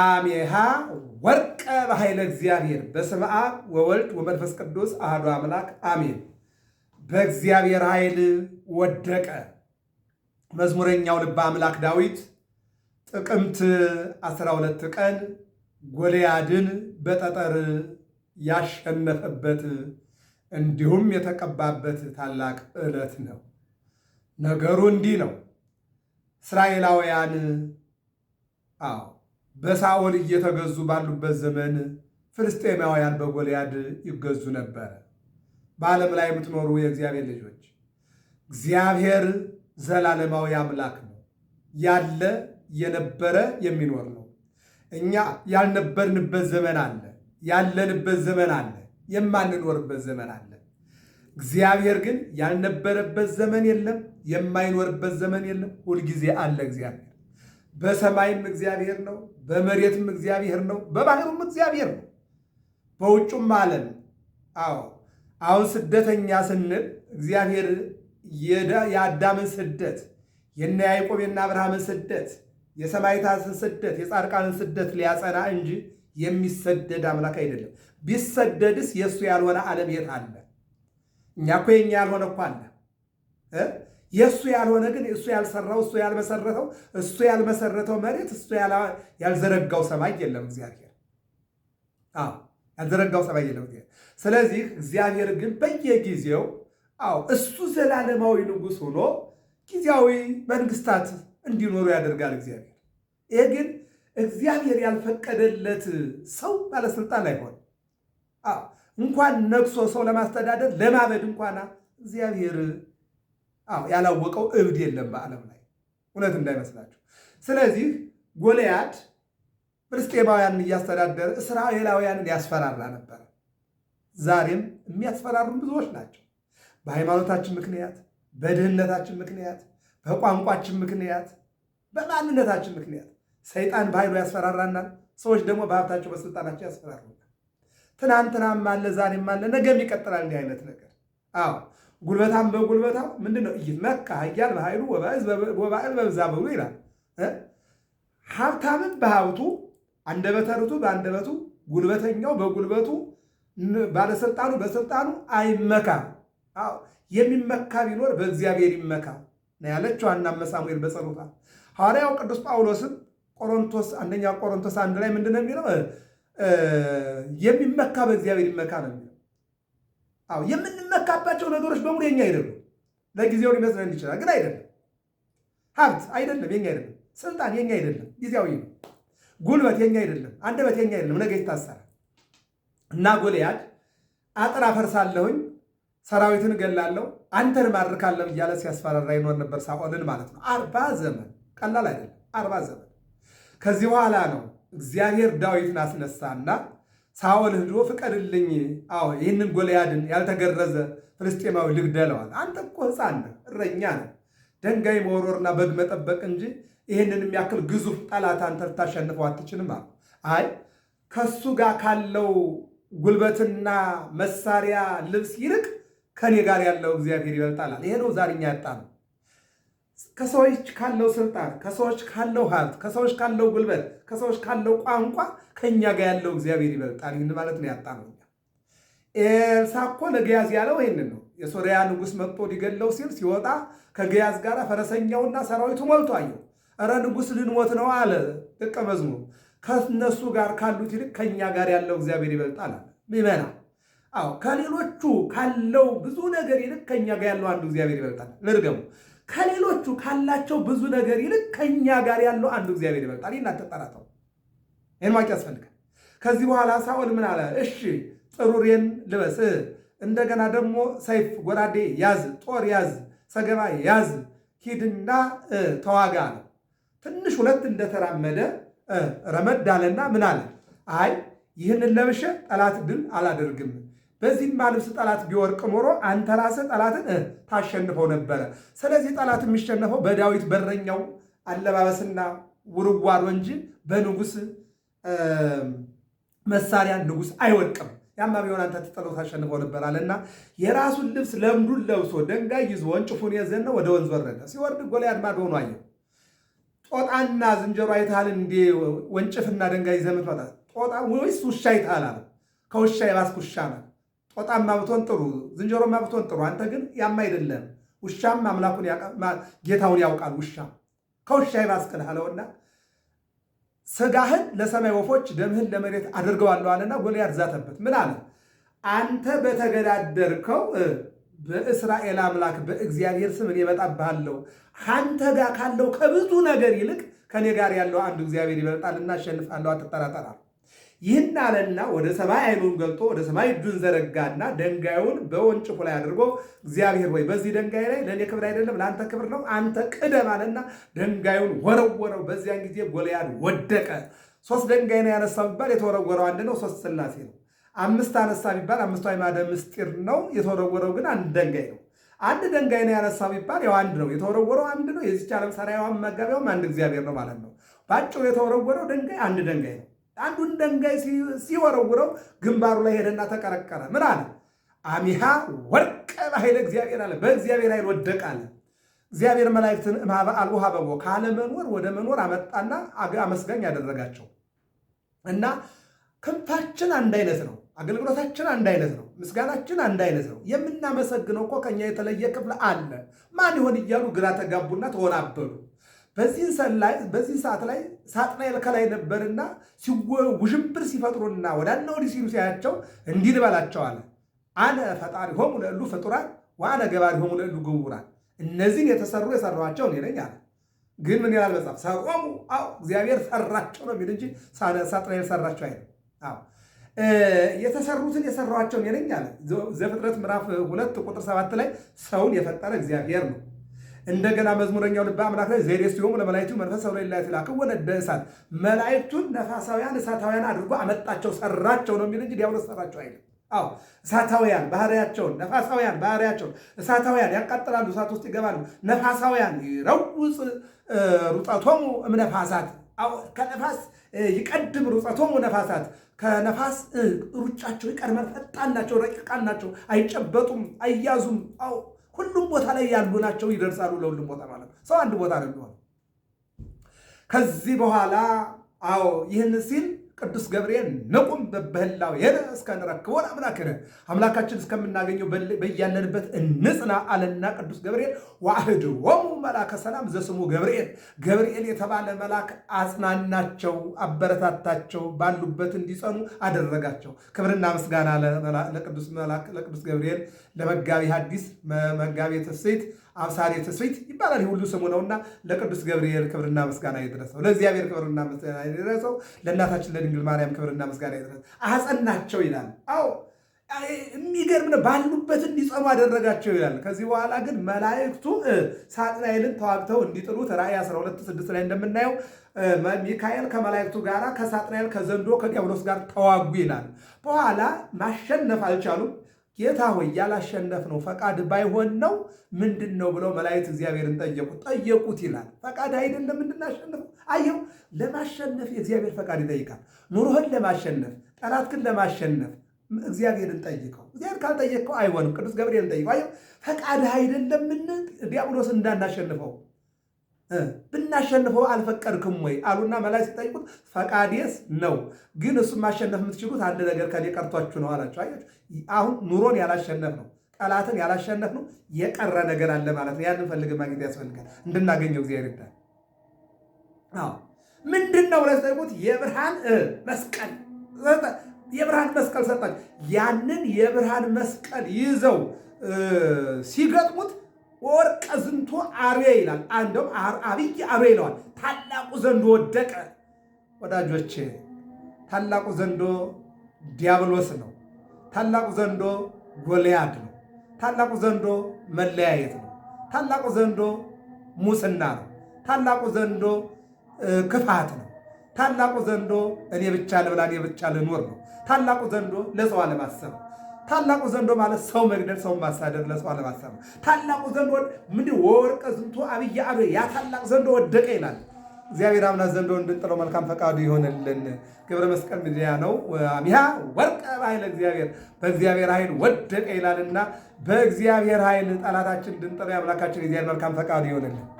አሜሃ ወርቀ በኃይለ እግዚአብሔር በስመ አብ ወወልድ ወመንፈስ ቅዱስ አህዶ አምላክ አሜን። በእግዚአብሔር ኃይል ወደቀ። መዝሙረኛው ልበ አምላክ ዳዊት ጥቅምት 12 ቀን ጎልያድን በጠጠር ያሸነፈበት እንዲሁም የተቀባበት ታላቅ ዕለት ነው። ነገሩ እንዲህ ነው። እስራኤላውያን አዎ በሳኦል እየተገዙ ባሉበት ዘመን ፍልስጤማውያን በጎልያድ ይገዙ ነበር። በዓለም ላይ የምትኖሩ የእግዚአብሔር ልጆች እግዚአብሔር ዘላለማዊ አምላክ ነው። ያለ የነበረ የሚኖር ነው። እኛ ያልነበርንበት ዘመን አለ፣ ያለንበት ዘመን አለ፣ የማንኖርበት ዘመን አለ። እግዚአብሔር ግን ያልነበረበት ዘመን የለም፣ የማይኖርበት ዘመን የለም። ሁልጊዜ አለ እግዚአብሔር በሰማይም እግዚአብሔር ነው፣ በመሬትም እግዚአብሔር ነው፣ በባህሩም እግዚአብሔር ነው፣ በውጩም ዓለም። አዎ አሁን ስደተኛ ስንል እግዚአብሔር የአዳምን ስደት የነ ያዕቆብ የነ አብርሃምን ስደት የሰማይታትን ስደት የጻድቃንን ስደት ሊያጸና እንጂ የሚሰደድ አምላክ አይደለም። ቢሰደድስ የእሱ ያልሆነ ዓለም የት አለ? እኛ እኮ የኛ ያልሆነ እኮ አለ። የእሱ ያልሆነ ግን እሱ ያልሰራው እሱ ያልመሰረተው እሱ ያልመሰረተው መሬት እሱ ያልዘረጋው ሰማይ የለም እግዚአብሔር አዎ ያልዘረጋው ሰማይ የለም እግዚአብሔር ስለዚህ እግዚአብሔር ግን በየጊዜው አዎ እሱ ዘላለማዊ ንጉስ ሆኖ ጊዜያዊ መንግስታት እንዲኖሩ ያደርጋል እግዚአብሔር ይሄ ግን እግዚአብሔር ያልፈቀደለት ሰው ባለስልጣን አይሆን እንኳን ነግሶ ሰው ለማስተዳደር ለማበድ እንኳና እግዚአብሔር ያላወቀው እብድ የለም በዓለም ላይ እውነት እንዳይመስላችሁ። ስለዚህ ጎልያድ ፍልስጤማውያንን እያስተዳደረ እስራኤላውያንን ያስፈራራ ነበር። ዛሬም የሚያስፈራሩን ብዙዎች ናቸው። በሃይማኖታችን ምክንያት፣ በድህነታችን ምክንያት፣ በቋንቋችን ምክንያት፣ በማንነታችን ምክንያት ሰይጣን በኃይሉ ያስፈራራናል። ሰዎች ደግሞ በሀብታቸው በስልጣናቸው ያስፈራሩናል። ትናንትናም አለ፣ ዛሬም አለ፣ ነገም ይቀጥላል እንዲህ አይነት ነገር አዎ ጉልበታም በጉልበታም ምንድን ነው ይመካ ሀያል በኃይሉ ወባዕል በብዛ በብሉ ይላል። ሀብታምን በሀብቱ አንደበተ ርቱዕ በአንደበቱ ጉልበተኛው በጉልበቱ ባለስልጣኑ በስልጣኑ አይመካ። የሚመካ ቢኖር በእግዚአብሔር ይመካ ነው ያለችው ሐናም ሳሙኤል በጸሎታ። ሐዋርያው ቅዱስ ጳውሎስም ቆሮንቶስ አንደኛ ቆሮንቶስ አንድ ላይ ምንድን ነው የሚለው? የሚመካ በእግዚአብሔር ይመካ ነው የሚለው አዎ የምንመካባቸው ነገሮች በሙሉ የኛ አይደሉም። ለጊዜው ሊመስለን ይችላል፣ ግን አይደለም። ሀብት አይደለም፣ የኛ አይደለም። ስልጣን የኛ አይደለም፣ ጊዜያዊ ነው። ጉልበት የኛ አይደለም፣ አንደበት የኛ አይደለም፣ ነገ ይታሰራል። እና ጎልያድ አጥር አፈርሳለሁኝ ሰራዊትን እገላለሁ አንተን ማርካለሁ እያለ ሲያስፈራራ ይኖር ነበር፣ ሳኦልን ማለት ነው። አርባ ዘመን ቀላል አይደለም፣ አርባ ዘመን። ከዚህ በኋላ ነው እግዚአብሔር ዳዊትን አስነሳና ሳውል ህዶ ፍቀድልኝ፣ አዎ ይህንን ጎልያድን ያልተገረዘ ፍልስጤማዊ ልግደለዋል። አንተ እኮ ሕፃን ነህ፣ እረኛ ነህ። ደንጋይ መወርወርና በግ መጠበቅ እንጂ ይህንን የሚያክል ግዙፍ ጠላት አንተ ልታሸንፈው አትችልም አሉ። አይ ከሱ ጋር ካለው ጉልበትና መሳሪያ ልብስ ይልቅ ከኔ ጋር ያለው እግዚአብሔር ይበልጣላል ይሄ ነው ዛሬኛ ያጣ ነው። ከሰዎች ካለው ስልጣን፣ ከሰዎች ካለው ሀብት፣ ከሰዎች ካለው ጉልበት፣ ከሰዎች ካለው ቋንቋ ከእኛ ጋር ያለው እግዚአብሔር ይበልጣል። ይህን ማለት ነው ያጣ ነው። ኤልሳ እኮ ለገያዝ ያለው ይህንን ነው። የሶሪያ ንጉሥ መጥቶ ሊገለው ሲል ሲወጣ ከገያዝ ጋር ፈረሰኛውና ሰራዊቱ ሞልቶ አየው። እረ ንጉሥ ልንሞት ነው አለ ደቀ መዝሙሩ። ከነሱ ጋር ካሉት ይልቅ ከእኛ ጋር ያለው እግዚአብሔር ይበልጣል። ይመና አዎ፣ ከሌሎቹ ካለው ብዙ ነገር ይልቅ ከኛ ጋር ያለው አንዱ እግዚአብሔር ይበልጣል። ልርገሙ ከሌሎቹ ካላቸው ብዙ ነገር ይልቅ ከኛ ጋር ያለው አንዱ እግዚአብሔር ይበልጣል። እናንተ ጠራተው ይህን ማወቅ ያስፈልጋል። ከዚህ በኋላ ሳኦል ምን አለ? እሺ ጥሩሬን ልበስ፣ እንደገና ደግሞ ሰይፍ ጎራዴ ያዝ፣ ጦር ያዝ፣ ሰገባ ያዝ፣ ሂድና ተዋጋ ነው። ትንሽ ሁለት እንደተራመደ ረመድ አለና ምን አለ? አይ ይህንን ለብሼ ጠላት ድል አላደርግም በዚህም ማልብስ ጠላት ቢወርቅ ኖሮ አንተ ራስህ ጠላትን ታሸንፈው ነበረ። ስለዚህ ጠላት የሚሸነፈው በዳዊት በረኛው አለባበስና ውርዋሮ እንጂ በንጉስ መሳሪያ ንጉስ አይወድቅም። ያማ ቢሆን አንተ ትጠለው ታሸንፈው ነበር አለና የራሱን ልብስ ለምዱን ለብሶ ደንጋይ ይዞ ወንጭፉን የዘነ ወደ ወንዝ ወረደ። ሲወርድ ጎልያድ ማዶ ሆኖ አየው። ጦጣና ዝንጀሮ አይተሃል እንዴ? ወንጭፍና ደንጋይ ይዘህ ምትመጣ ጦጣ ወይስ ውሻ አለ። ከውሻ የባስክ ውሻ ነው። ጦጣማ ማብቶን ጥሩ፣ ዝንጀሮ ማብቶን ጥሩ። አንተ ግን ያም አይደለም። ውሻም አምላኩን ጌታውን ያውቃል። ውሻ ከውሻ ይባስቅልህ አለውና ስጋህን ለሰማይ ወፎች ደምህን ለመሬት አድርገዋለሁ አለና ጎልያድ ዛተበት። ምን አለ? አንተ በተገዳደርከው በእስራኤል አምላክ በእግዚአብሔር ስም እኔ እመጣብሃለሁ። ከአንተ ጋር ካለው ከብዙ ነገር ይልቅ ከኔ ጋር ያለው አንድ እግዚአብሔር ይበልጣልና አሸንፋለሁ፣ አትጠራጠር። ይህን አለና ወደ ሰማይ አይኑን ገልጦ ወደ ሰማይ እጁን ዘረጋና ደንጋዩን በወንጭፉ ላይ አድርጎ እግዚአብሔር ወይ በዚህ ደንጋይ ላይ ለእኔ ክብር አይደለም ለአንተ ክብር ነው፣ አንተ ቅደም አለና ደንጋዩን ወረወረው። በዚያን ጊዜ ጎልያድ ወደቀ። ሶስት ደንጋይ ነው ያነሳው የሚባል የተወረወረው አንድ ነው፣ ሶስት ስላሴ ነው። አምስት አነሳ የሚባል አምስቱ አዕማደ ምስጢር ነው፣ የተወረወረው ግን አንድ ደንጋይ ነው። አንድ ደንጋይ ነው ያነሳ የሚባል ያው አንድ ነው፣ የተወረወረው አንድ ነው። የዚች ዓለም ሰራዊዋን መጋቢያውም አንድ እግዚአብሔር ነው ማለት ነው። በአጭሩ የተወረወረው ደንጋይ አንድ ደንጋይ ነው። አንዱን ደንጋይ ሲወረውረው ግንባሩ ላይ ሄደና ተቀረቀረ። ምን አለ? አሚሃ ወርቀ በኃይለ እግዚአብሔር አለ። በእግዚአብሔር ኃይል ወደቀ አለ። እግዚአብሔር መላእክትን እምኀበ በቦ ካለ ካለመኖር ወደ መኖር አመጣና አመስጋኝ ያደረጋቸው እና ክንፋችን አንድ አይነት ነው። አገልግሎታችን አንድ አይነት ነው። ምስጋናችን አንድ አይነት ነው። የምናመሰግነው እኮ ከኛ የተለየ ክፍል አለ። ማን ይሆን እያሉ ግራ ተጋቡና ተወናበሉ። በዚህ ሰዓት ላይ ሳጥናኤል ከላይ ነበርና ውዥንብር ሲፈጥሩና ወዳና ወዲህ ሲሉ ሲያያቸው እንዲህ ልበላቸው አለ። አነ ፈጣሪ ሆሙ ለእሉ ፍጡራን ወአነ ሆሙ ለእሉ ግቡራን። እነዚህን የተሰሩ የሰራኋቸው እኔ ነኝ አለ። ግን ምን ይላል መጽሐፍ? ሰቆሙ አዎ እግዚአብሔር ሰራቸው ነው የሚል እንጂ ሳጥናኤል ሰራቸው አይደል? አዎ የተሰሩትን የሰራቸው እኔ ነኝ አለ። ዘፍጥረት ምዕራፍ ሁለት ቁጥር ሰባት ላይ ሰውን የፈጠረ እግዚአብሔር ነው። እንደገና መዝሙረኛው ልበ አምላክ ላይ ዘይሬስቲሆሙ ለመላእክቱ መንፈሰ ኅብረ እላእቱ ይላከው ወለደ እሳት መላእክቱን ነፋሳውያን እሳታውያን አድርጎ አመጣቸው ሰራቸው ነው የሚል እንጂ ዲያብሎስ ሰራቸው አይልም። አዎ እሳታውያን ባህሪያቸውን ነፋሳውያን ባህሪያቸውን እሳታውያን ያቃጥላሉ፣ እሳት ውስጥ ይገባሉ። ነፋሳውያን ይረውፅ ሩጠቶሙ እምነፋሳት ከነፋስ ይቀድም ሩፀቶሙ ነፋሳት ከነፋስ ሩጫቸው ይቀድማል። ፈጣን ናቸው፣ ረቂቃን ናቸው፣ አይጨበጡም፣ አይያዙም። ሁሉም ቦታ ላይ ያሉ ናቸው፣ ይደርሳሉ ለሁሉም ቦታ ማለት ሰው አንድ ቦታ ነው ከዚህ በኋላ አዎ ይህን ሲል ቅዱስ ገብርኤል ንቁም በህላዌነ እስከንረክቦ አምላክነ አምላካችን እስከምናገኘው በያለንበት እንጽና አለና ቅዱስ ገብርኤል ወሙ መላከ ሰላም ዘስሙ ገብርኤል ገብርኤል የተባለ መልአክ አጽናናቸው፣ አበረታታቸው፣ ባሉበት እንዲጸኑ አደረጋቸው። ክብርና ምስጋና ለቅዱስ ገብርኤል ለመጋቢ ሐዲስ መጋቢ ተሴት አብሳሪ ትስብእት ይባላል። ሁሉ ስሙ ነውና ለቅዱስ ገብርኤል ክብርና ምስጋና ይድረሰው። ለእግዚአብሔር ክብርና ምስጋና ይድረሰው። ለእናታችን ለድንግል ማርያም ክብርና ምስጋና ይድረሰው። አጸናቸው ይላል። አዎ የሚገርም ነው። ባሉበት እንዲጸኑ አደረጋቸው ይላል። ከዚህ በኋላ ግን መላእክቱ ሳጥናኤልን ተዋግተው እንዲጥሉት ራእይ 12 6 ላይ እንደምናየው ሚካኤል ከመላእክቱ ጋር ከሳጥናኤል ከዘንዶ ከዲያብሎስ ጋር ተዋጉ ይላል። በኋላ ማሸነፍ አልቻሉም። ጌታ ሆይ ያላሸነፍ ነው ፈቃድ ባይሆን ነው ምንድን ነው ብለው መላእክት እግዚአብሔርን ጠየቁት ጠየቁት ይላል። ፈቃድ አይደለም እንድናሸንፈው። አየው ለማሸነፍ የእግዚአብሔር ፈቃድ ይጠይቃል። ኑሮህን ለማሸነፍ፣ ጠላትህን ለማሸነፍ እግዚአብሔርን ጠይቀው። እግዚአብሔር ካልጠየቅከው አይሆንም። ቅዱስ ገብርኤልን ጠይቀው። አየው ፈቃድህ አይደለምን ዲያብሎስ እንዳናሸንፈው ብናሸንፈው አልፈቀድክም ወይ አሉና መላይ ሲጠይቁት ፈቃዴስ ነው፣ ግን እሱ ማሸነፍ የምትችሉት አንድ ነገር ከኔ ቀርቷችሁ ነው አላቸው። አሁን ኑሮን ያላሸነፍ ነው ጠላትን ያላሸነፍ ነው የቀረ ነገር አለ ማለት ነው። ያንን ፈልግ ማግኘት ያስፈልጋል። እንድናገኘው እግዚአብሔር ይርዳል። ምንድን ነው ብለህ ሲጠይቁት የብርሃን መስቀል የብርሃን መስቀል ሰጣቸው። ያንን የብርሃን መስቀል ይዘው ሲገጥሙት ወርቀ ዝንቶ አርዌ ይላል። አንደውም አብይ አርዌ ይለዋል። ታላቁ ዘንዶ ወደቀ። ወዳጆች ታላቁ ዘንዶ ዲያብሎስ ነው። ታላቁ ዘንዶ ጎልያድ ነው። ታላቁ ዘንዶ መለያየት ነው። ታላቁ ዘንዶ ሙስና ነው። ታላቁ ዘንዶ ክፋት ነው። ታላቁ ዘንዶ እኔ ብቻ ልብላ፣ እኔ ብቻ ልኖር ነው። ታላቁ ዘንዶ ለሰው አለማሰብ ታላቁ ዘንዶ ማለት ሰው መግደል፣ ሰው ማሳደድ፣ ለሰው አለማሰብ። ታላቁ ዘንዶ ምንድ ወወርቀ ዝንቱ አብይ አዶ ያ ታላቅ ዘንዶ ወደቀ ይላል። እግዚአብሔር አምላክ ዘንዶ እንድንጥለው መልካም ፈቃዱ ይሆንልን። ገብረ መስቀል ሚዲያ ነው። አሚሃ ወርቀ ባይለ እግዚአብሔር በእግዚአብሔር ኃይል ወደቀ ይላልና በእግዚአብሔር ኃይል ጠላታችን እንድንጥለው የአምላካችን እግዚአብሔር መልካም ፈቃዱ ይሆንልን።